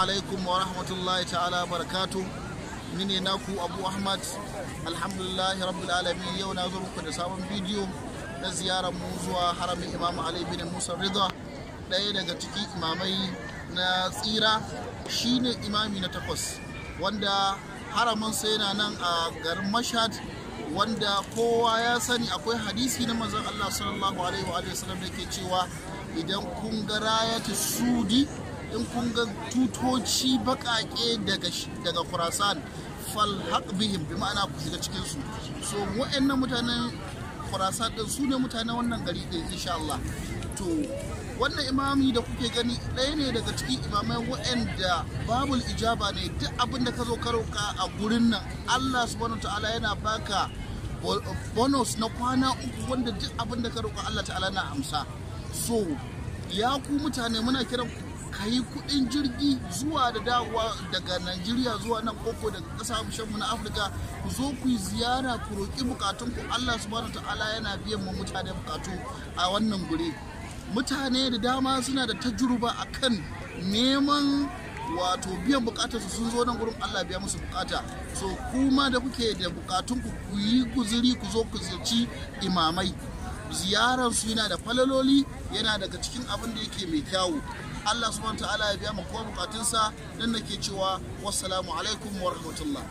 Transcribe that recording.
alaikum wa rahmatullahi ta'ala barakatu ni ne naku abu ahmad alhamdulillahi rabbil alamin yau na zo muku da sabon bidiyo na ziyarar mu zuwa haramin imam ali bin musa rida ɗaya daga ciki imamai na tsira shine imami na takwas wanda haramin sa yana nan a garin mashad wanda kowa ya sani akwai hadisi na manzon allah sallallahu alaihi wa sallam da ke cewa idan kun ga rayatu sudi in kun ga tutoci baƙaƙe daga khurasan fal bihim bi ma'ana ku shiga cikin su so wa'annan mutanen khurasan din su ne mutanen wannan gari din insha Allah to wannan imami da kuke gani ɗaya ne daga cikin imamai waɗanda babul ijaba ne duk abin da ka zo ka a gurin nan allah subhanahu ta'ala yana baka bonus na kwana uku wanda duk abin da ka roka allah ta'ala na amsa so ya ku mutane muna kiran ku ka yi kuɗin jirgi zuwa da dawowa daga Najeriya zuwa nan koko daga ƙasashen mu na Afirka ku zo ku yi ziyara ku roƙi bukatun ku Allah subhanahu ta'ala yana biyan mu mutane bukatu a wannan guri mutane da dama suna da tajruba akan neman wato biyan su sun zo nan gurin Allah biya musu bukata so kuma da kuke da bukatun ku ku yi guzuri ku zo ku ziyarci imamai ziyarar su yana da falaloli yana daga cikin abin da yake mai kyawu Allah subhanahu ta'ala ya biya mu kowa bukatunsa dan nake cewa wassalamu alaikum wa rahmatullah